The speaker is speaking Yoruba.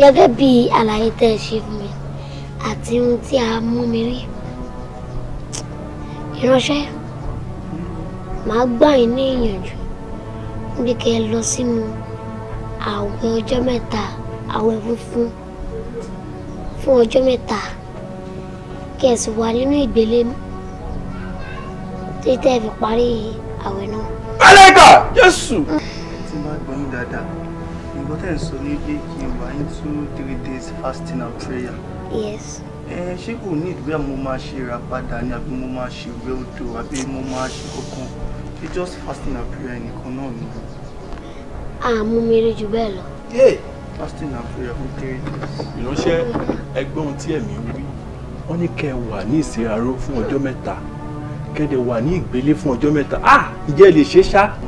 gẹ́gẹ́ bí àlàyé tẹ́ ẹ ṣe fún mi àti ohun tí a mú mi rí ìránṣẹ́ màá gbà yín ní ìyànjú níbi kẹ́ ẹ lọ sínú àwẹ̀ ọjọ́ mẹ́ta àwẹ̀ funfun fún ọjọ́ mẹ́ta kẹ́ ẹ sì wà nínú ìgbélé títí tẹ́ ẹ fi parí àwẹ̀ náà. alẹ́ kà jésù. tí n bá dáadáa nǹkan tẹ̀ ń sọ ní pé kí n wà into three days fasting and prayer. yes. ẹ ṣé kò ní ìdúgbà mo máa ṣe ìràpadà ni àbí mo máa ṣe ìwé odò àbí mo máa ṣe kankan ṣé just fasting and prayer nìkan náà ni. àmú mi rí jù bẹ́ẹ̀ lọ. fasting and prayer fún three days. ìránṣẹ́ ẹgbọ́n on ẹ̀mí wí wọ́n ní kẹ́ ẹ wà ní ìsiraró fún ọjọ́ mẹ́ta kẹ́ ẹ dẹ̀ wà ní ìgbélé fún ọjọ́ mẹ́ta ah ǹjẹ́ ẹ lè ṣe é